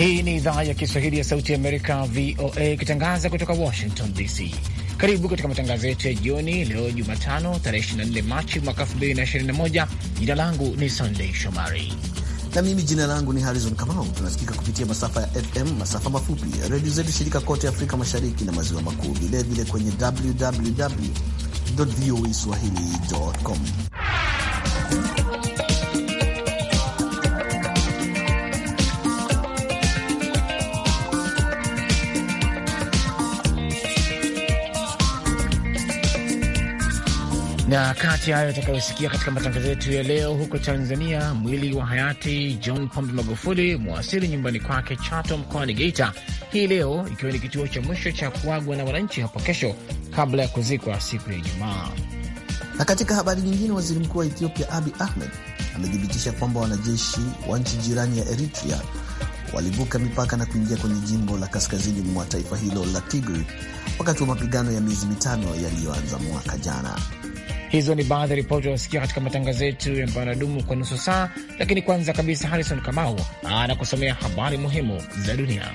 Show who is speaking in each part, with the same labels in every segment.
Speaker 1: Hii ni idhaa ya Kiswahili ya Sauti ya Amerika, VOA, ikitangaza kutoka Washington DC. Karibu katika matangazo yetu ya jioni leo Jumatano, tarehe 24 Machi mwaka 2021. Jina langu ni Sandei Shomari na mimi jina langu ni harizon Kamau. Tunasikika
Speaker 2: kupitia masafa ya FM, masafa mafupi, redio zetu shirika kote Afrika Mashariki na Maziwa Makuu, vilevile kwenye www voa e swahili.com.
Speaker 1: na kati ya hayo atakayosikia katika matangazo yetu ya leo, huko Tanzania, mwili wa hayati John Pombe Magufuli mwasili nyumbani kwake Chato mkoani Geita hii leo, ikiwa ni kituo cha mwisho cha kuagwa na wananchi hapo kesho kabla ya kuzikwa siku ya Ijumaa.
Speaker 2: Na katika habari nyingine, waziri mkuu wa Ethiopia Abi Ahmed amethibitisha kwamba wanajeshi wa nchi jirani ya Eritrea walivuka mipaka na kuingia kwenye jimbo la kaskazini mwa taifa hilo la tigri wakati wa mapigano
Speaker 1: ya miezi mitano yaliyoanza mwaka jana. Hizo ni baadhi ya ripoti unasikia katika matangazo yetu ya baradumu kwa nusu saa, lakini kwanza kabisa Harrison Kamau anakusomea habari muhimu za dunia.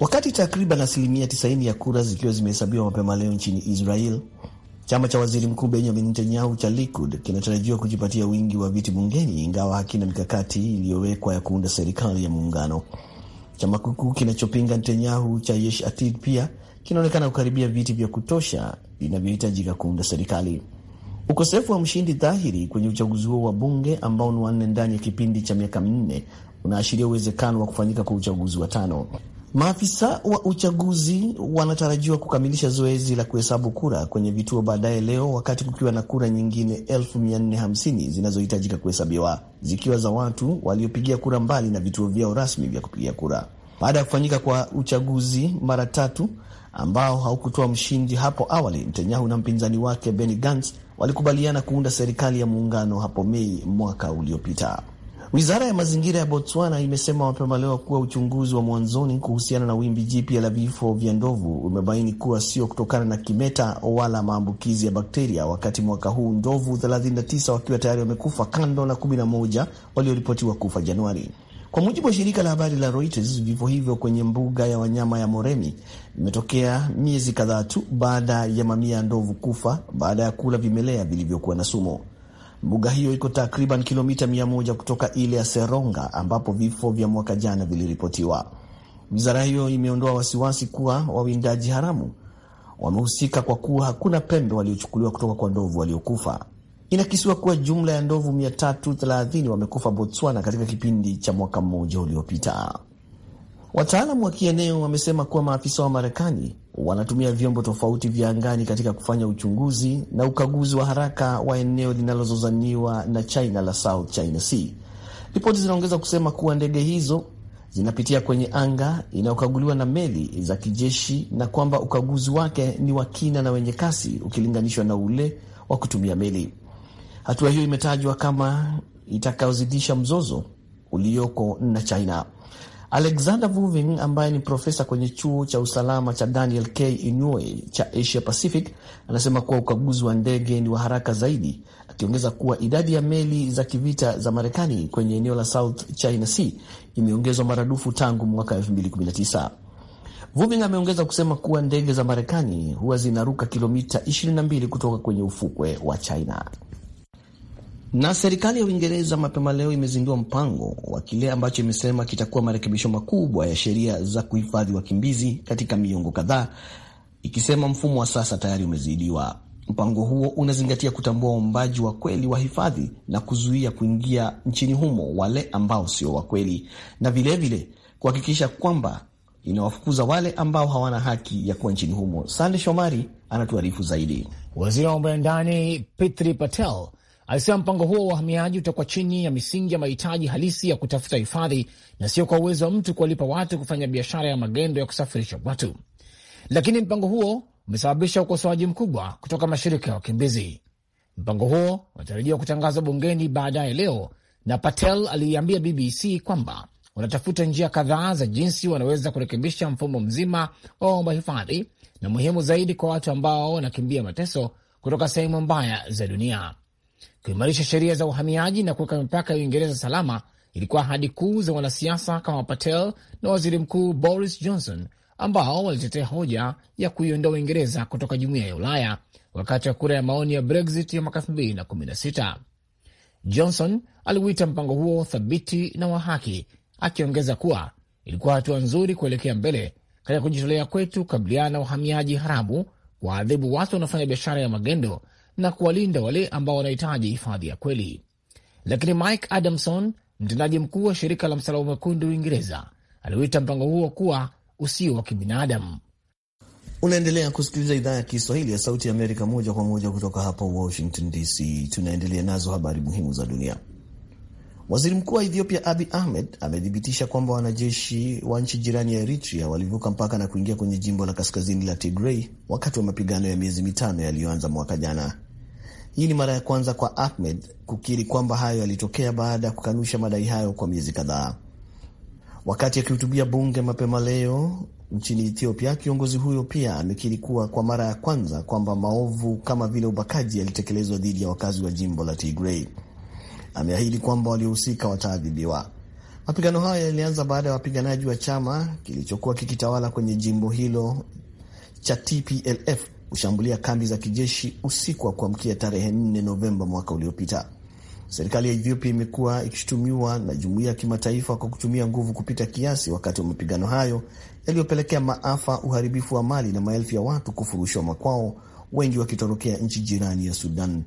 Speaker 2: Wakati takriban asilimia 90 ya kura zikiwa zimehesabiwa mapema leo nchini Israel, Chama cha waziri mkuu Benjamin Netanyahu cha Likud kinatarajiwa kujipatia wingi wa viti bungeni, ingawa hakina mikakati iliyowekwa ya kuunda serikali ya muungano. Chama kikuu kinachopinga Netanyahu cha Yesh Atid pia kinaonekana kukaribia viti vya kutosha vinavyohitajika kuunda serikali. Ukosefu wa mshindi dhahiri kwenye uchaguzi huo wa bunge ambao ni wanne ndani ya kipindi cha miaka minne unaashiria uwezekano wa kufanyika kwa uchaguzi wa tano. Maafisa wa uchaguzi wanatarajiwa kukamilisha zoezi la kuhesabu kura kwenye vituo baadaye leo, wakati kukiwa na kura nyingine 450 zinazohitajika kuhesabiwa zikiwa za watu waliopigia kura mbali na vituo vyao rasmi vya kupigia kura, baada ya kufanyika kwa uchaguzi mara tatu ambao haukutoa mshindi hapo awali. Netanyahu na mpinzani wake Benny Gantz walikubaliana kuunda serikali ya muungano hapo Mei mwaka uliopita. Wizara ya mazingira ya Botswana imesema mapema leo kuwa uchunguzi wa mwanzoni kuhusiana na wimbi jipya la vifo vya ndovu umebaini kuwa sio kutokana na kimeta wala maambukizi ya bakteria, wakati mwaka huu ndovu 39 wakiwa tayari wamekufa kando na 11 walioripotiwa kufa Januari. Kwa mujibu wa shirika la habari la Reuters, vifo hivyo kwenye mbuga ya wanyama ya Moremi vimetokea miezi kadhaa tu baada ya mamia ya ndovu kufa baada ya kula vimelea vilivyokuwa na sumu. Mbuga hiyo iko takriban kilomita 1 kutoka ile ya Seronga ambapo vifo vya mwaka jana viliripotiwa. Wizara hiyo imeondoa wasiwasi kuwa wawindaji haramu wamehusika kwa kuwa hakuna pembe waliochukuliwa kutoka kwa ndovu waliokufa. Inakisiwa kuwa jumla ya ndovu 330 wamekufa Botswana katika kipindi cha mwaka mmoja uliopita. Wataalamu wa kieneo wamesema kuwa maafisa wa Marekani wanatumia vyombo tofauti vya angani katika kufanya uchunguzi na ukaguzi wa haraka wa eneo linalozozaniwa na China la South China Sea. Ripoti zinaongeza kusema kuwa ndege hizo zinapitia kwenye anga inayokaguliwa na meli za kijeshi na kwamba ukaguzi wake ni wa kina na wenye kasi ukilinganishwa na ule wa kutumia meli. Hatua hiyo imetajwa kama itakayozidisha mzozo ulioko na China. Alexander Vuving ambaye ni profesa kwenye chuo cha usalama cha Daniel K Inouye cha Asia Pacific anasema kuwa ukaguzi wa ndege ni wa haraka zaidi, akiongeza kuwa idadi ya meli za kivita za Marekani kwenye eneo la South China Sea imeongezwa maradufu tangu mwaka 2019. Vuving ameongeza kusema kuwa ndege za Marekani huwa zinaruka kilomita 22 kutoka kwenye ufukwe wa China. Na serikali ya Uingereza mapema leo imezindua mpango wa kile ambacho imesema kitakuwa marekebisho makubwa ya sheria za kuhifadhi wakimbizi katika miongo kadhaa, ikisema mfumo wa sasa tayari umezidiwa. Mpango huo unazingatia kutambua waombaji wa kweli wa hifadhi na kuzuia kuingia nchini humo wale ambao sio wa kweli, na vilevile kuhakikisha kwamba inawafukuza wale ambao
Speaker 1: hawana haki ya kuwa nchini humo. Sande Shomari anatuarifu zaidi. Waziri wa mambo ya ndani Petri Patel Alisema mpango huo wa uhamiaji utakuwa chini ya misingi ya mahitaji halisi ya kutafuta hifadhi na sio kwa uwezo wa mtu kuwalipa watu kufanya biashara ya magendo ya kusafirisha watu. Lakini mpango huo umesababisha ukosoaji mkubwa kutoka mashirika ya wakimbizi. Mpango huo unatarajiwa kutangazwa bungeni baadaye leo, na Patel aliiambia BBC kwamba wanatafuta njia kadhaa za jinsi wanaweza kurekebisha mfumo mzima wa waomba hifadhi, na muhimu zaidi kwa watu ambao wanakimbia mateso kutoka sehemu mbaya za dunia. Kuimarisha sheria za uhamiaji na kuweka mipaka ya Uingereza salama ilikuwa ahadi kuu za wanasiasa kama Patel na waziri mkuu Boris Johnson ambao walitetea hoja ya kuiondoa Uingereza kutoka jumuiya ya Ulaya wakati wa kura ya maoni ya Brexit ya mwaka 2016. Johnson aliuita mpango huo thabiti na wa haki, akiongeza kuwa ilikuwa hatua nzuri kuelekea mbele katika kujitolea kwetu kabiliana na uhamiaji haramu, kuwaadhibu watu wanaofanya biashara ya magendo na kuwalinda wale ambao wanahitaji hifadhi ya kweli. Lakini Mike Adamson, mtendaji mkuu wa shirika la Msalaba Mwekundu Uingereza, aliuita mpango huo kuwa usio wa kibinadamu.
Speaker 2: Unaendelea kusikiliza idhaa ya Kiswahili ya Sauti ya Amerika moja kwa moja kutoka hapa Washington DC. Tunaendelea nazo habari muhimu za dunia. Waziri mkuu wa Ethiopia Abi Ahmed amethibitisha kwamba wanajeshi wa nchi jirani ya Eritrea walivuka mpaka na kuingia kwenye jimbo la kaskazini la Tigrei wakati wa mapigano ya miezi mitano yaliyoanza mwaka jana. Hii ni mara ya kwanza kwa Ahmed kukiri kwamba hayo yalitokea baada ya kukanusha madai hayo kwa miezi kadhaa. Wakati akihutubia bunge mapema leo nchini Ethiopia, kiongozi huyo pia amekiri kuwa kwa mara ya kwanza kwamba maovu kama vile ubakaji yalitekelezwa dhidi ya wakazi wa jimbo la Tigray. Ameahidi kwamba waliohusika wataadhibiwa. Mapigano hayo yalianza baada ya wapiganaji wa chama kilichokuwa kikitawala kwenye jimbo hilo cha TPLF kushambulia kambi za kijeshi usiku wa kuamkia tarehe 4 Novemba mwaka uliopita. Serikali ya Ethiopia imekuwa ikishutumiwa na jumuiya ya kimataifa kwa kutumia nguvu kupita kiasi wakati wa mapigano hayo yaliyopelekea maafa, uharibifu wa mali na maelfu ya watu kufurushwa makwao, wengi wakitorokea nchi jirani ya Sudan.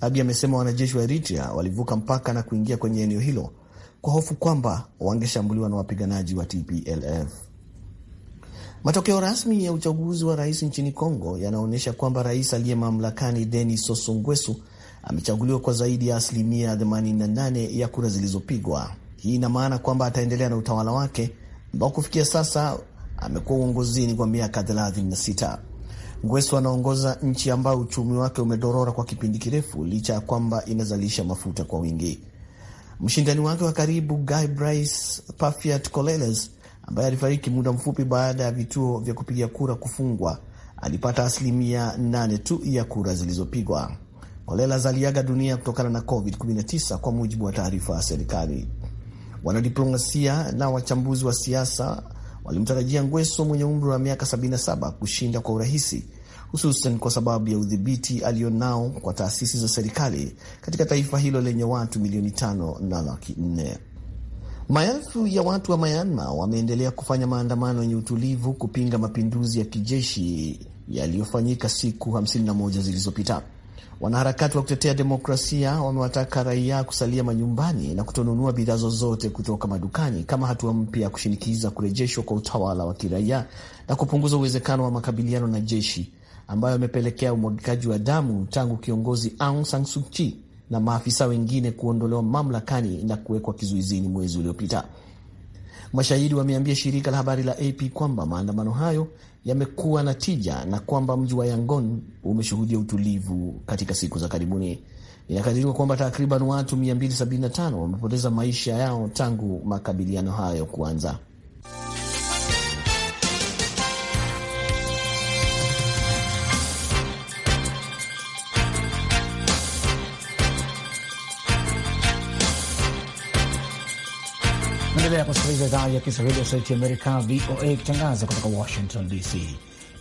Speaker 2: Abi amesema wanajeshi wa Eritrea walivuka mpaka na kuingia kwenye eneo hilo kwa hofu kwamba wangeshambuliwa na wapiganaji wa TPLF. Matokeo rasmi ya uchaguzi wa rais nchini congo yanaonyesha kwamba rais aliye mamlakani Denis Sassou Nguesso amechaguliwa kwa zaidi ya asilimia 88 ya kura zilizopigwa. Hii ina maana kwamba ataendelea na utawala wake ambao kufikia sasa amekuwa uongozini kwa miaka 36. Ngweso anaongoza nchi ambayo uchumi wake umedorora kwa kipindi kirefu licha ya kwamba inazalisha mafuta kwa wingi. Mshindani wake wa karibu Guy Brice Papiat Coleles ambaye alifariki muda mfupi baada ya vituo vya kupiga kura kufungwa, alipata asilimia 8 tu ya kura zilizopigwa. Holela aliaga dunia kutokana na COVID-19 kwa mujibu wa taarifa ya serikali. Wanadiplomasia na wachambuzi wa siasa walimtarajia Ngweso mwenye umri wa miaka 77 kushinda kwa urahisi, hususan kwa sababu ya udhibiti alionao kwa taasisi za serikali katika taifa hilo lenye watu milioni tano na laki nne. Maelfu ya watu wa Myanmar wameendelea kufanya maandamano yenye utulivu kupinga mapinduzi ya kijeshi yaliyofanyika siku 51 zilizopita. Wanaharakati wa kutetea demokrasia wamewataka raia kusalia manyumbani na kutonunua bidhaa zozote kutoka madukani kama hatua mpya ya kushinikiza kurejeshwa kwa utawala wa kiraia na kupunguza uwezekano wa makabiliano na jeshi ambayo amepelekea umwagikaji wa damu tangu kiongozi Aung San Suu Kyi na maafisa wengine kuondolewa mamlakani na kuwekwa kizuizini mwezi uliopita. Mashahidi wameambia shirika la habari la AP kwamba maandamano hayo yamekuwa na tija na kwamba mji wa Yangon umeshuhudia utulivu katika siku za karibuni. Inakadiriwa kwamba takriban watu 275 wamepoteza maisha yao tangu makabiliano hayo kuanza.
Speaker 1: Naendelea kusikiliza idhaa ya Kiswahili ya Sauti Amerika, VOA, ikitangaza kutoka Washington DC.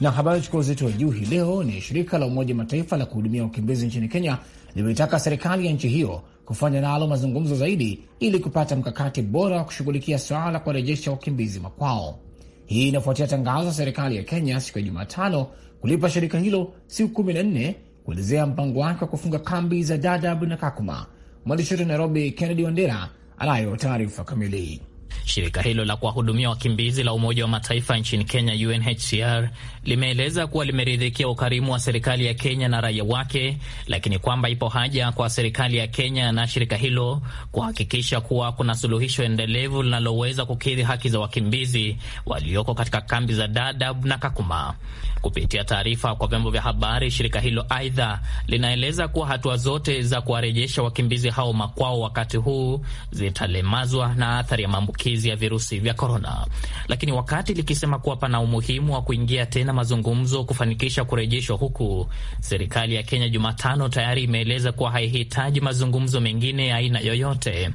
Speaker 1: Na habari chukua uzito wa juu hii leo ni shirika la Umoja Mataifa la kuhudumia wakimbizi nchini Kenya limeitaka serikali ya nchi hiyo kufanya nalo mazungumzo zaidi ili kupata mkakati bora wa kushughulikia swala la kuwarejesha wakimbizi makwao. Hii inafuatia tangazo la serikali ya Kenya siku ya Jumatano kulipa shirika hilo siku kumi na nne kuelezea mpango wake wa kufunga kambi za Dadaab na Kakuma. Mwandishi wetu Nairobi, Kennedy Wandera anayo taarifa kamili.
Speaker 3: Shirika hilo la kuwahudumia wakimbizi la Umoja wa Mataifa nchini Kenya, UNHCR, limeeleza kuwa limeridhikia ukarimu wa serikali ya Kenya na raia wake, lakini kwamba ipo haja kwa serikali ya Kenya na shirika hilo kuhakikisha kuwa kuna suluhisho endelevu linaloweza kukidhi haki za wakimbizi walioko katika kambi za Dadaab na Kakuma. Kupitia taarifa kwa vyombo vya habari, shirika hilo aidha linaeleza kuwa hatua zote za kuwarejesha wakimbizi hao makwao wakati huu zitalemazwa na athari ya maambukizi maambukizi ya virusi vya korona, lakini wakati likisema kuwa pana umuhimu wa kuingia tena mazungumzo kufanikisha kurejeshwa huku, serikali ya Kenya Jumatano tayari imeeleza kuwa haihitaji mazungumzo mengine ya aina yoyote.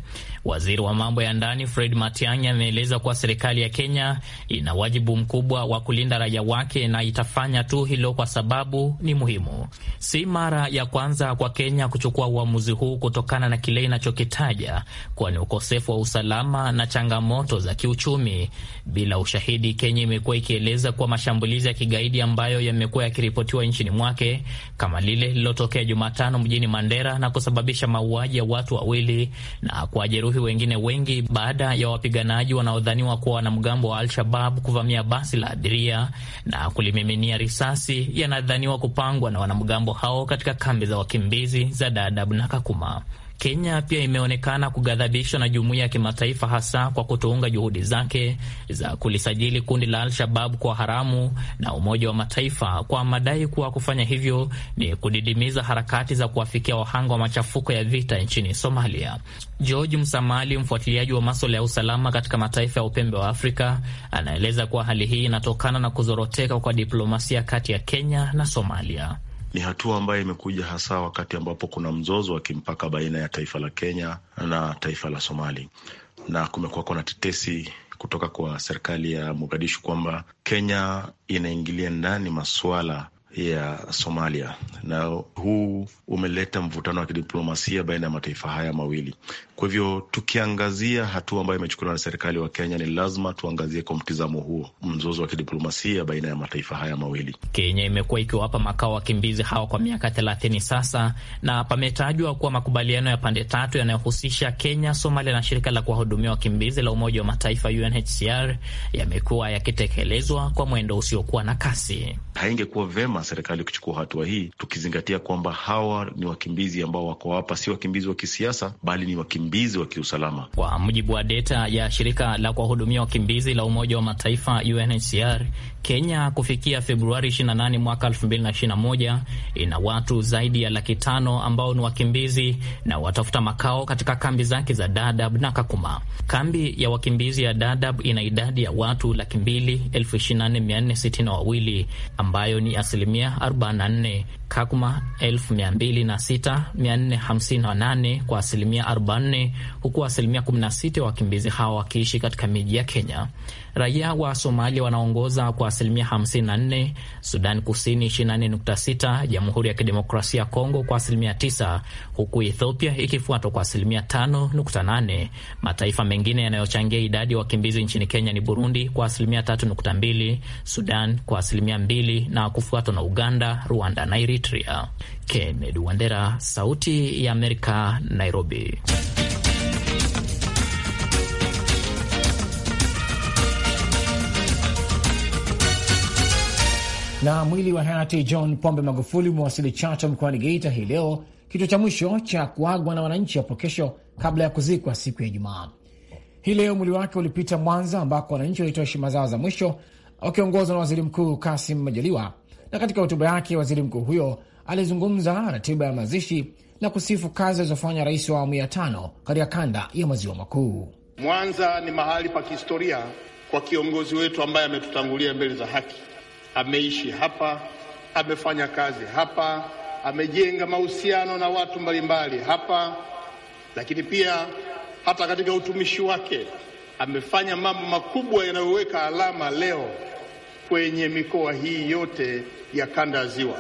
Speaker 3: Waziri wa mambo ya ndani Fred Matiang'i ameeleza kuwa serikali ya Kenya ina wajibu mkubwa wa kulinda raia wake na itafanya tu hilo kwa sababu ni muhimu. Si mara ya kwanza kwa Kenya kuchukua uamuzi huu kutokana na kile inachokitaja kuwa ni ukosefu wa usalama na changamoto za kiuchumi. Bila ushahidi, Kenya imekuwa ikieleza kuwa mashambulizi ya kigaidi ambayo yamekuwa yakiripotiwa nchini mwake kama lile lililotokea Jumatano mjini Mandera na kusababisha mauaji ya watu wawili na kuwajeruhi majeruhi wengine wengi baada ya wapiganaji wanaodhaniwa kuwa wanamgambo wa Al-Shabab kuvamia basi la abiria na kulimiminia risasi yanadhaniwa kupangwa na wanamgambo hao katika kambi za wakimbizi za Dadaab na Kakuma. Kenya pia imeonekana kughadhabishwa na jumuiya ya kimataifa hasa kwa kutounga juhudi zake za kulisajili kundi la Al-Shabab kwa haramu na Umoja wa Mataifa kwa madai kuwa kufanya hivyo ni kudidimiza harakati za kuwafikia wahanga wa machafuko ya vita nchini Somalia. George Msamali, mfuatiliaji wa maswala ya usalama katika mataifa ya upembe wa Afrika, anaeleza kuwa hali hii inatokana na kuzoroteka kwa diplomasia kati ya Kenya na Somalia.
Speaker 4: Ni hatua ambayo imekuja hasa wakati ambapo kuna mzozo wa kimpaka baina ya taifa la Kenya na taifa la Somali, na kumekuwa kuna tetesi kutoka kwa serikali ya Mogadishu kwamba Kenya inaingilia ndani masuala ya Somalia, na huu umeleta mvutano wa kidiplomasia baina ya mataifa haya mawili. Kwa hivyo tukiangazia hatua ambayo imechukuliwa na serikali wa Kenya, ni lazima tuangazie kwa mtizamo huo mzozo wa kidiplomasia baina ya mataifa haya mawili.
Speaker 3: Kenya imekuwa ikiwapa makao wakimbizi hawa kwa miaka thelathini sasa, na pametajwa kuwa makubaliano ya pande tatu yanayohusisha Kenya, Somalia na shirika la kuwahudumia wakimbizi la Umoja wa Mataifa UNHCR yamekuwa yakitekelezwa kwa mwendo usiokuwa na kasi.
Speaker 4: Haingekuwa vema serikali kuchukua hatua hii, tukizingatia kwamba hawa ni wakimbizi ambao wako hapa, si wakimbizi wa kisiasa, bali ni wakimbizi wa kiusalama. Kwa mujibu wa
Speaker 3: deta ya shirika la kuwahudumia wakimbizi la Umoja wa Mataifa UNHCR, Kenya kufikia Februari 28 mwaka 2021 ina watu zaidi ya laki tano ambao ni wakimbizi na watafuta makao katika kambi zake za dadab na Kakuma. Kambi ya wakimbizi ya Dadab ina idadi ya watu laki mbili elfu ishirini na nne mia nne sitini na wawili ambayo ni asilimia 44, Kakuma 26458 kwa asilimia 40, huku asilimia 16 wakimbizi hao wakiishi katika miji ya Kenya. Raia wa Somalia wanaongoza kwa asilimia 54, Sudan Kusini 24.6, Jamhuri ya Kidemokrasia ya Kongo kwa asilimia 9, huku Ethiopia ikifuatwa kwa asilimia 5.8. Mataifa mengine yanayochangia idadi ya wakimbizi nchini Kenya ni Burundi kwa asilimia 3.2, Sudan kwa asilimia 2 na kufuatwa na Uganda, Rwanda na Eritrea. Kennedy Wandera, Sauti ya Amerika, Nairobi.
Speaker 1: Na mwili wa hayati John Pombe Magufuli umewasili Chato mkoani Geita hii leo, kituo cha mwisho cha kuagwa na wananchi hapo kesho kabla ya kuzikwa siku ya Ijumaa. Hii leo mwili wake ulipita Mwanza ambako wananchi walitoa heshima zao za mwisho wakiongozwa na waziri mkuu Kasim Majaliwa. Na katika hotuba yake, waziri mkuu huyo alizungumza ratiba ya mazishi na kusifu kazi alizofanya rais wa awamu ya tano katika kanda ya maziwa makuu.
Speaker 2: Mwanza ni mahali pa kihistoria kwa kiongozi wetu ambaye ametutangulia mbele za haki ameishi hapa, amefanya kazi hapa, amejenga mahusiano
Speaker 5: na watu mbalimbali hapa, lakini pia hata katika utumishi wake amefanya mambo makubwa yanayoweka alama leo kwenye mikoa
Speaker 2: hii yote ya kanda ya Ziwa.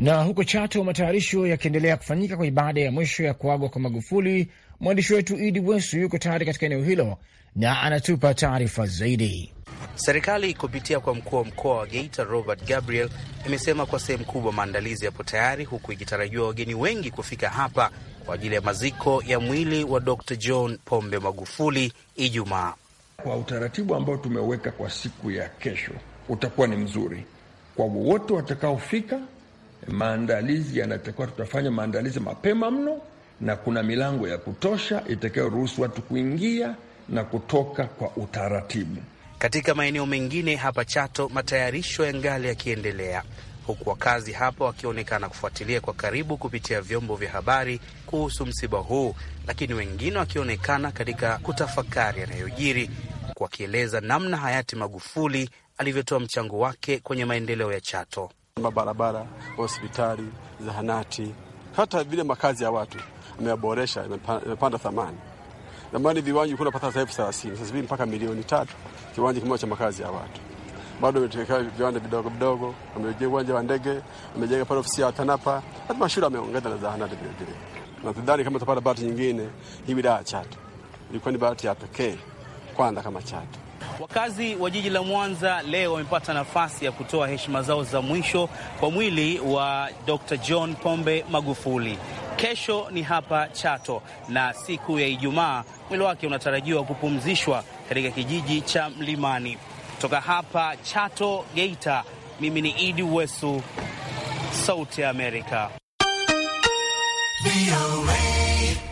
Speaker 1: Na huko Chato, matayarisho yakiendelea kufanyika kwa ibada ya mwisho ya kuagwa kwa Magufuli Mwandishi wetu Idi Wesu yuko tayari katika eneo hilo na anatupa taarifa zaidi.
Speaker 5: Serikali kupitia kwa mkuu wa mkoa wa Geita Robert Gabriel imesema kwa sehemu kubwa maandalizi yapo tayari, huku ikitarajiwa wageni wengi kufika hapa kwa ajili ya maziko ya mwili wa Dr John Pombe Magufuli Ijumaa.
Speaker 4: Kwa utaratibu ambao tumeweka kwa siku ya kesho utakuwa ni mzuri kwa wowote watakaofika. Maandalizi yanatakiwa, tutafanya maandalizi mapema mno na kuna milango ya kutosha itakayoruhusu watu kuingia na kutoka kwa utaratibu.
Speaker 5: Katika maeneo mengine hapa Chato, matayarisho ya ngali yakiendelea huku wakazi hapa wakionekana kufuatilia kwa karibu kupitia vyombo vya habari kuhusu msiba huu, lakini wengine wakionekana katika kutafakari yanayojiri, wakieleza namna hayati Magufuli alivyotoa mchango wake kwenye maendeleo ya Chato, barabara, hospitali, zahanati, hata vile makazi ya watu ameyaboresha, imepanda thamani. Zamani viwanja kuna pata elfu thelathini sasa hivi mpaka milioni tatu kiwanja kimoja cha makazi ya watu. Bado ametekea viwanja vidogo vidogo, amejenga uwanja wa ndege, amejenga pale ofisi ya TANAPA, hata mashule ameongeza na zahanati vilevile. Nadhani kama tutapata bahati nyingine, hii wilaya ya Chato ilikuwa ni bahati ya pekee kwanza kama Chato. Wakazi wa jiji la Mwanza leo wamepata nafasi ya kutoa heshima zao za mwisho kwa mwili wa Dr. John Pombe Magufuli. Kesho ni hapa Chato na siku ya Ijumaa mwili wake unatarajiwa kupumzishwa katika kijiji cha Mlimani. Kutoka hapa Chato, Geita, mimi ni Idi Wesu, Sauti ya Amerika.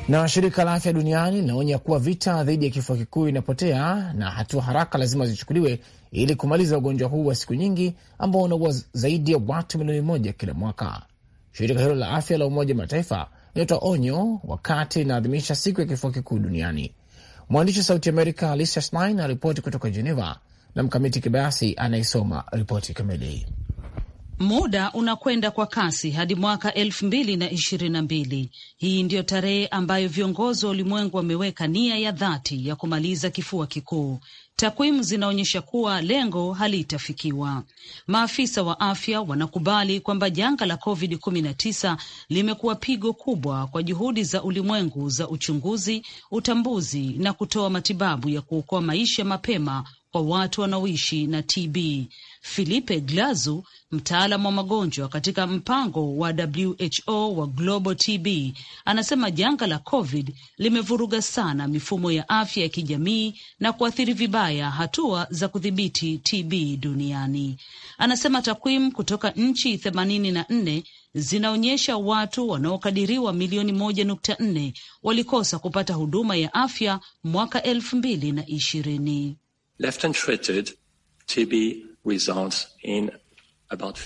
Speaker 1: Na shirika la afya duniani linaonya kuwa vita dhidi ya kifua kikuu inapotea na hatua haraka lazima zichukuliwe ili kumaliza ugonjwa huu wa siku nyingi ambao unaua zaidi ya watu milioni moja kila mwaka. Shirika hilo la afya la Umoja Mataifa inatoa onyo wakati inaadhimisha siku ya kifua kikuu duniani. Mwandishi wa Sauti Amerika Lisa Schlein aripoti kutoka Geneva na Mkamiti Kibayasi anayesoma ripoti kamili.
Speaker 6: Muda unakwenda kwa kasi hadi mwaka elfu mbili na ishirini na mbili. Hii ndiyo tarehe ambayo viongozi wa ulimwengu wameweka nia ya dhati ya kumaliza kifua kikuu Takwimu zinaonyesha kuwa lengo halitafikiwa. Maafisa wa afya wanakubali kwamba janga la COVID-19 limekuwa pigo kubwa kwa juhudi za ulimwengu za uchunguzi, utambuzi na kutoa matibabu ya kuokoa maisha mapema kwa watu wanaoishi na TB. Filipe Glazu, mtaalamu wa magonjwa katika mpango wa WHO wa Global TB, anasema janga la COVID limevuruga sana mifumo ya afya ya kijamii na kuathiri vibaya hatua za kudhibiti TB duniani. Anasema takwimu kutoka nchi themanini na nne zinaonyesha watu wanaokadiriwa milioni moja nukta nne walikosa kupata huduma ya afya mwaka elfu mbili na ishirini. left untreated, TB results in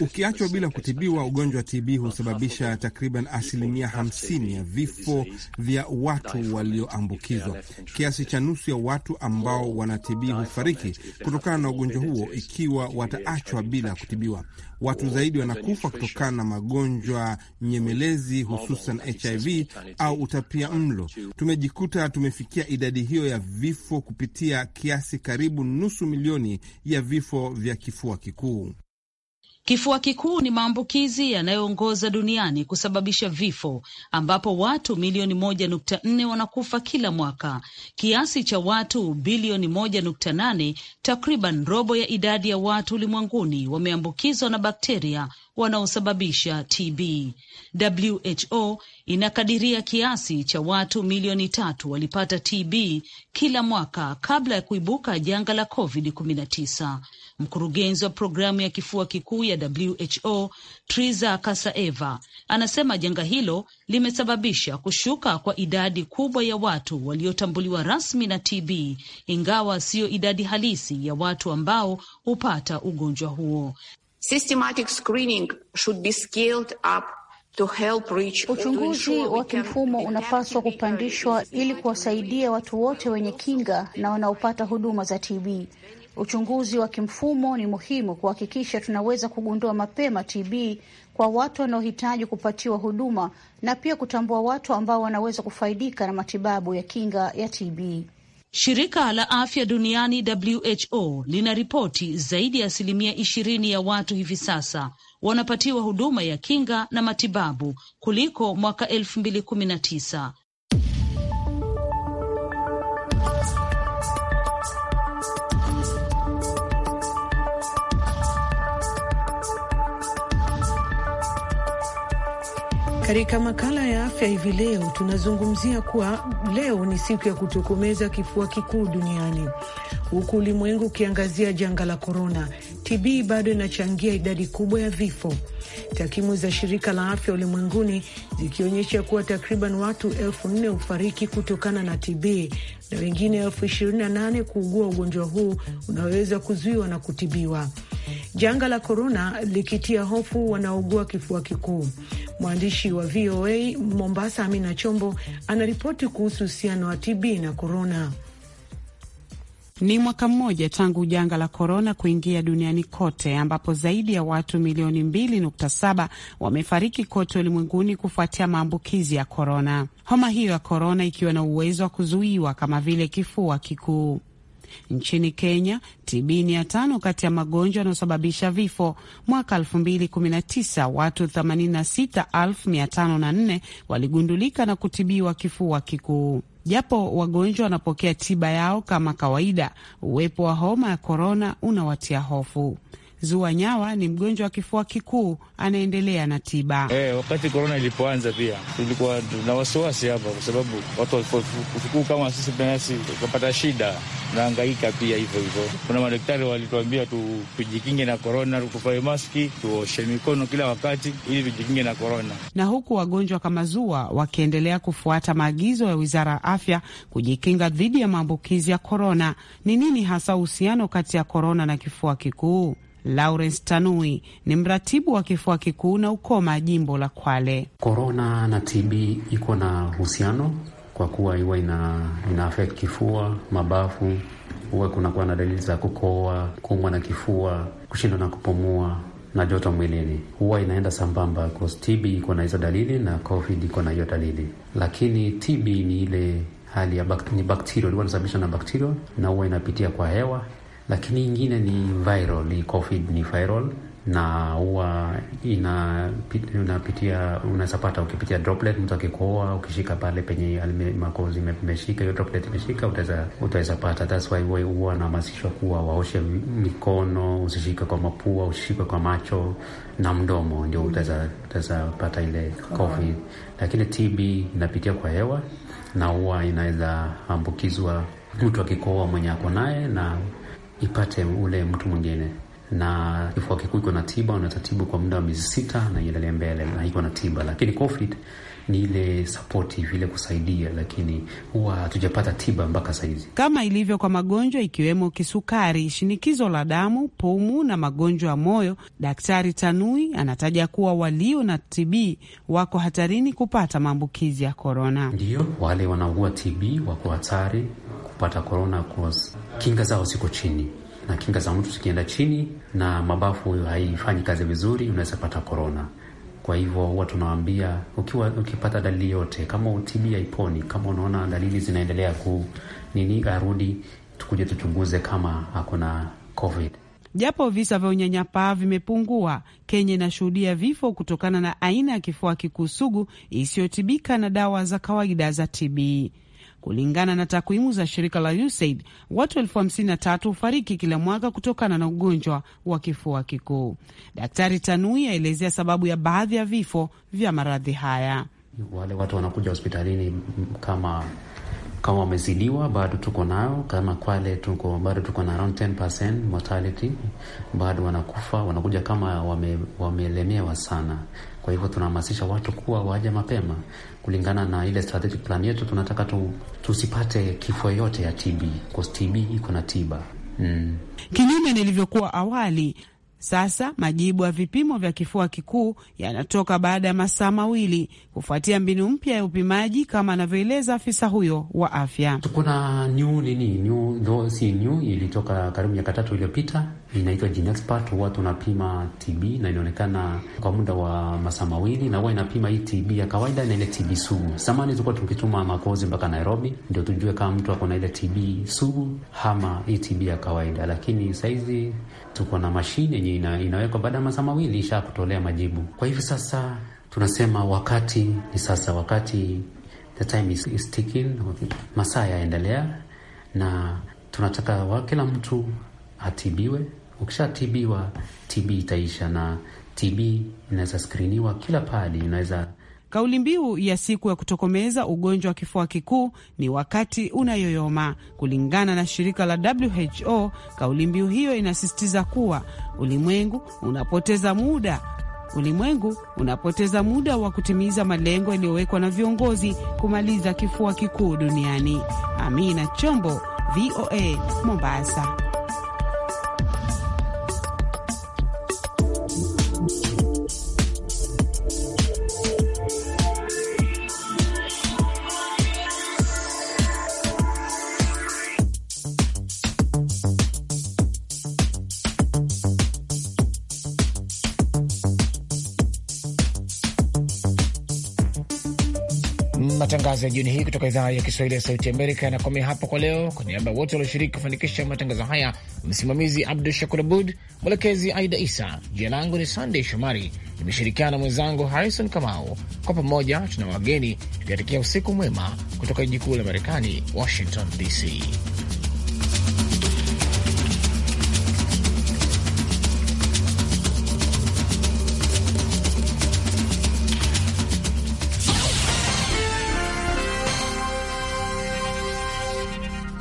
Speaker 5: Ukiachwa bila kutibiwa, ugonjwa wa TB husababisha takriban asilimia 50 ya vifo vya watu walioambukizwa. Kiasi cha nusu ya watu ambao wana TB hufariki kutokana na ugonjwa huo ikiwa wataachwa bila kutibiwa. Watu zaidi wanakufa kutokana na magonjwa nyemelezi, hususan HIV au utapia mlo. Tumejikuta tumefikia idadi hiyo ya vifo kupitia kiasi karibu nusu milioni ya vifo vya kifua kikuu.
Speaker 6: Kifua kikuu ni maambukizi yanayoongoza duniani kusababisha vifo, ambapo watu milioni moja nukta nne wanakufa kila mwaka, kiasi cha watu bilioni moja nukta nane takriban robo ya idadi ya watu ulimwenguni wameambukizwa na bakteria wanaosababisha TB. WHO inakadiria kiasi cha watu milioni tatu walipata TB kila mwaka kabla ya kuibuka janga la COVID-19. Mkurugenzi wa programu ya kifua kikuu ya WHO Triza Kasaeva anasema janga hilo limesababisha kushuka kwa idadi kubwa ya watu waliotambuliwa rasmi na TB, ingawa siyo idadi halisi ya watu ambao hupata ugonjwa huo. Systematic screening should be scaled up Uchunguzi wa kimfumo unapaswa kupandishwa ili kuwasaidia watu wote wenye kinga na wanaopata huduma za TB. Uchunguzi wa kimfumo ni muhimu kuhakikisha tunaweza kugundua mapema TB kwa watu wanaohitaji kupatiwa huduma na pia kutambua watu ambao wanaweza kufaidika na matibabu ya kinga ya TB. Shirika la afya duniani WHO linaripoti zaidi ya asilimia ishirini ya watu hivi sasa wanapatiwa huduma ya kinga na matibabu kuliko mwaka elfu mbili kumi na tisa.
Speaker 7: Katika makala ya afya hivi leo tunazungumzia kuwa leo ni siku ya kutokomeza kifua kikuu duniani. Huku ulimwengu ukiangazia janga la korona, TB bado inachangia idadi kubwa ya vifo, takwimu za shirika la afya ulimwenguni zikionyesha kuwa takriban watu elfu nne hufariki kutokana na TB na wengine elfu ishirini na nane kuugua ugonjwa huu unaoweza kuzuiwa na kutibiwa janga la korona likitia hofu wanaougua kifua kikuu. Mwandishi wa VOA Mombasa, Amina Chombo, anaripoti kuhusu uhusiano wa TB na korona. Ni mwaka mmoja tangu janga la korona kuingia duniani kote ambapo zaidi ya watu milioni 2.7 wamefariki kote ulimwenguni kufuatia maambukizi ya korona. Homa hiyo ya korona ikiwa na uwezo wa kuzuiwa kama vile kifua kikuu. Nchini Kenya, TB ni ya tano kati ya magonjwa yanayosababisha vifo. Mwaka 2019 watu 86,504 waligundulika na kutibiwa kifua kikuu. Japo wagonjwa wanapokea tiba yao kama kawaida, uwepo wa homa ya korona unawatia hofu. Zua Nyawa ni mgonjwa wa kifua kikuu anaendelea na tiba.
Speaker 5: Hey, eh, wakati korona ilipoanza pia tulikuwa na wasiwasi hapa, kwa sababu watu wakifuukuu kama sisi binafsi tukapata shida, naangaika pia hivyo hivyo. Kuna madaktari walituambia tu, tujikinge na korona, tuvae maski, tuoshe mikono kila wakati ili tujikinge na korona.
Speaker 7: Na huku wagonjwa kama Zua wakiendelea kufuata maagizo ya wizara ya afya kujikinga dhidi ya maambukizi ya korona. Ni nini hasa uhusiano kati ya korona na kifua kikuu? Lawrence Tanui ni mratibu wa kifua kikuu na ukoma jimbo la Kwale.
Speaker 8: Korona na TB iko na uhusiano kwa kuwa iwa ina, ina affect kifua, mabafu, huwa kunakuwa na dalili za kukohoa, kuumwa na kifua, kushindwa na kupumua na joto mwilini huwa inaenda sambamba. TB iko na hizo dalili na COVID iko na hiyo dalili, lakini TB ni ile hali ya bak ni bakteria, huwa inasababishwa na bakteria na huwa inapitia kwa hewa lakini ingine ni viral, ni COVID ni viral na huwa unapitia unasapata ukipitia droplet, mtu akikohoa, ukishika pale penye makozi imeshika, hiyo droplet imeshika, utaweza pata. That's why huwa wanahamasishwa kuwa waoshe mikono, usishike kwa mapua, usishike kwa macho na mdomo, ndio utaweza pata ile COVID. Lakini TB inapitia kwa hewa na huwa inaweza ambukizwa mtu akikoa mwenye ako naye na ipate ule mtu mwingine. Na kifua kikuu iko na tiba, unatatibu kwa muda wa miezi sita na iendelea mbele na iko na tiba, lakini COVID ni ile sapoti vile kusaidia, lakini huwa hatujapata tiba mpaka sahizi.
Speaker 7: Kama ilivyo kwa magonjwa ikiwemo kisukari, shinikizo la damu, pumu na magonjwa ya moyo, Daktari Tanui anataja kuwa walio na TB wako hatarini kupata maambukizi ya korona. ndio
Speaker 8: wale wanaugua TB wako hatari kupata korona, Kinga zao ziko chini, na kinga za mtu zikienda chini na mabafu haifanyi kazi vizuri, unaweza pata korona. Kwa hivyo huwa tunawaambia ukiwa ukipata dalili yote, kama TB haiponi, kama unaona dalili zinaendelea ku nini, arudi tukuje tuchunguze kama hakuna COVID.
Speaker 7: Japo visa vya unyanyapaa vimepungua, Kenya inashuhudia vifo kutokana na aina ya kifua kikuu sugu isiyotibika na dawa za kawaida za TB. Kulingana na takwimu za shirika la USAID, watu elfu hamsini na tatu hufariki kila mwaka kutokana na ugonjwa wa kifua kikuu. Daktari Tanui aelezea sababu ya baadhi ya vifo vya maradhi haya. Wale
Speaker 8: watu wanakuja hospitalini kama kama wamezidiwa bado tuko nao. Kama Kwale tuko bado tuko na around 10% mortality, bado wanakufa wanakuja kama wame, wamelemewa sana. Kwa hivyo tunahamasisha watu kuwa waje mapema kulingana na ile strategic plan yetu. Tunataka tu, tusipate kifo yote ya TB kwa TB iko na tiba mm.
Speaker 7: Kinyume nilivyokuwa awali sasa majibu ya vipimo vya kifua kikuu yanatoka baada ya masaa mawili kufuatia mbinu mpya ya upimaji, kama anavyoeleza afisa huyo wa afya. Kuna new
Speaker 8: nini, new though, si new, ilitoka karibu miaka tatu iliyopita, inaitwa GeneXpert. Huwa tunapima TB na inaonekana kwa muda wa masaa mawili, na huwa inapima hii TB ya kawaida na ile TB sugu. Zamani tulikuwa tukituma makozi mpaka Nairobi ndio tujue kama mtu ako na ile TB sugu ama hii TB ya kawaida, lakini saizi tuko na mashine yenye ina, inawekwa baada ya masaa mawili isha kutolea majibu. Kwa hivyo sasa tunasema wakati ni sasa, wakati the time is, is ticking, masaa yaendelea na tunataka wa kila mtu atibiwe. Ukishatibiwa TB itaisha,
Speaker 7: na TB inaweza skriniwa kila pahali, inaweza Kauli mbiu ya siku ya kutokomeza ugonjwa wa kifua kikuu ni wakati unayoyoma. Kulingana na shirika la WHO, kauli mbiu hiyo inasisitiza kuwa ulimwengu unapoteza muda ulimwengu unapoteza muda wa kutimiza malengo yaliyowekwa na viongozi kumaliza kifua kikuu duniani. Amina Chombo, VOA, Mombasa.
Speaker 1: Matangazo ya jioni hii kutoka idhaa ya Kiswahili ya Sauti Amerika yanakomea hapo kwa leo. Kwa niaba ya wote walioshiriki kufanikisha matangazo haya, msimamizi Abdu Shakur Abud, mwelekezi Aida Isa, jina langu ni Sandey Shomari, nimeshirikiana na mwenzangu Harrison Kamau. Kwa pamoja tuna wageni tukiatikia usiku mwema kutoka jiji kuu la Marekani, Washington DC.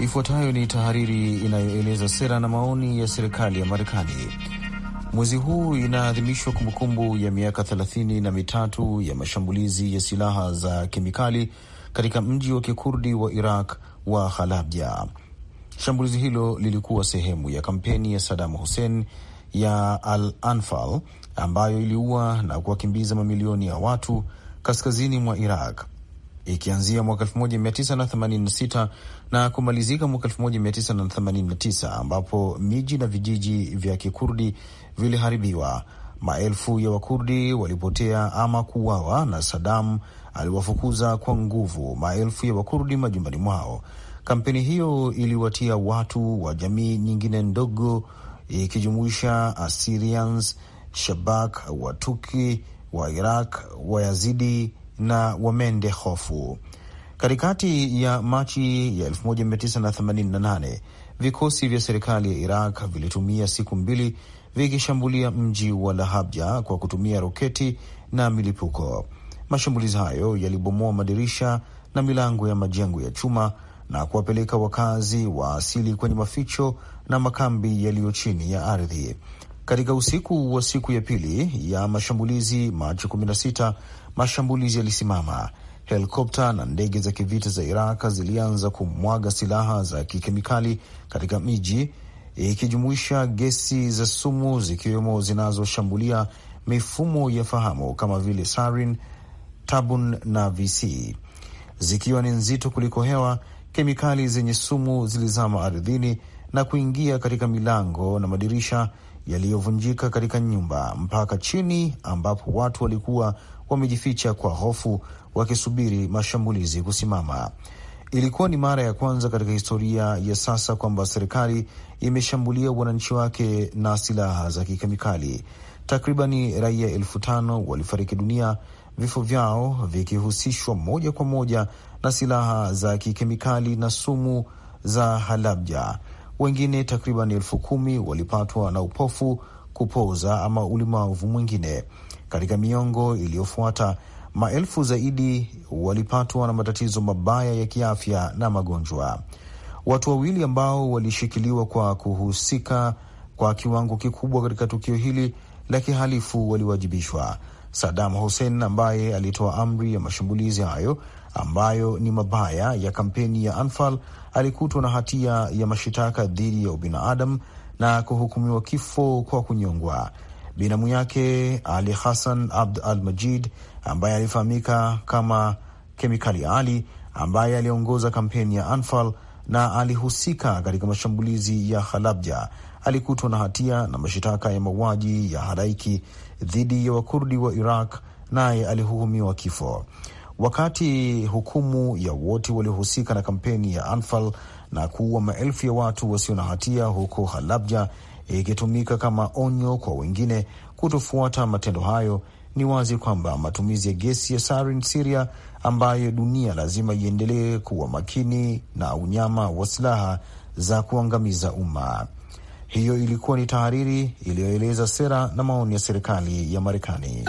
Speaker 4: Ifuatayo ni tahariri inayoeleza sera na maoni ya serikali ya Marekani. Mwezi huu inaadhimishwa kumbukumbu ya miaka thelathini na mitatu ya mashambulizi ya silaha za kemikali katika mji wa kikurdi wa Iraq wa Halabja. Shambulizi hilo lilikuwa sehemu ya kampeni ya Saddam Hussein ya Al-Anfal ambayo iliua na kuwakimbiza mamilioni ya watu kaskazini mwa Iraq ikianzia mwaka 1986 na kumalizika mwaka 1989 ambapo miji na vijiji vya Kikurdi viliharibiwa. Maelfu ya Wakurdi walipotea ama kuuawa, na sadam aliwafukuza kwa nguvu maelfu ya Wakurdi majumbani mwao. Kampeni hiyo iliwatia watu wa jamii nyingine ndogo ikijumuisha Assyrians, Shabak, Watuki wa Iraq, Wayazidi na Wamende Hofu. Katikati ya Machi ya 1988 vikosi vya serikali ya Iraq vilitumia siku mbili vikishambulia mji wa Lahabja kwa kutumia roketi na milipuko. Mashambulizi hayo yalibomoa madirisha na milango ya majengo ya chuma na kuwapeleka wakazi wa asili kwenye maficho na makambi yaliyo chini ya ardhi. Katika usiku wa siku ya pili ya mashambulizi Machi 16, mashambulizi yalisimama. Helikopta na ndege za kivita za Iraq zilianza kumwaga silaha za kikemikali katika miji ikijumuisha gesi za sumu zikiwemo zinazoshambulia mifumo ya fahamu kama vile sarin, tabun na VC. Zikiwa ni nzito kuliko hewa, kemikali zenye sumu zilizama ardhini na kuingia katika milango na madirisha yaliyovunjika katika nyumba mpaka chini, ambapo watu walikuwa wamejificha kwa hofu wakisubiri mashambulizi kusimama. Ilikuwa ni mara ya kwanza katika historia ya sasa kwamba serikali imeshambulia wananchi wake na silaha za kikemikali. Takribani raia elfu tano walifariki dunia, vifo vyao vikihusishwa moja kwa moja na silaha za kikemikali na sumu za Halabja wengine takriban elfu kumi walipatwa na upofu, kupooza ama ulemavu mwingine. Katika miongo iliyofuata, maelfu zaidi walipatwa na matatizo mabaya ya kiafya na magonjwa. Watu wawili ambao walishikiliwa kwa kuhusika kwa kiwango kikubwa katika tukio hili la kihalifu waliwajibishwa. Saddam Hussein ambaye alitoa amri ya mashambulizi hayo ambayo ni mabaya ya kampeni ya Anfal alikutwa na hatia ya mashitaka dhidi ya ubinadamu na kuhukumiwa kifo kwa kunyongwa. Binamu yake Ali Hassan Abd al Majid, ambaye alifahamika kama Kemikali Ali, ambaye aliongoza kampeni ya Anfal na alihusika katika mashambulizi ya Halabja, alikutwa na hatia na mashitaka ya mauaji ya halaiki dhidi ya Wakurdi wa Iraq, naye alihukumiwa kifo wakati hukumu ya wote waliohusika na kampeni ya Anfal na kuua maelfu ya watu wasio na hatia huko Halabja ikitumika kama onyo kwa wengine kutofuata matendo hayo. Ni wazi kwamba matumizi ya gesi ya sarin Siria, ambayo dunia lazima iendelee kuwa makini na unyama wa silaha za kuangamiza umma. Hiyo ilikuwa ni tahariri iliyoeleza sera na maoni ya serikali ya Marekani.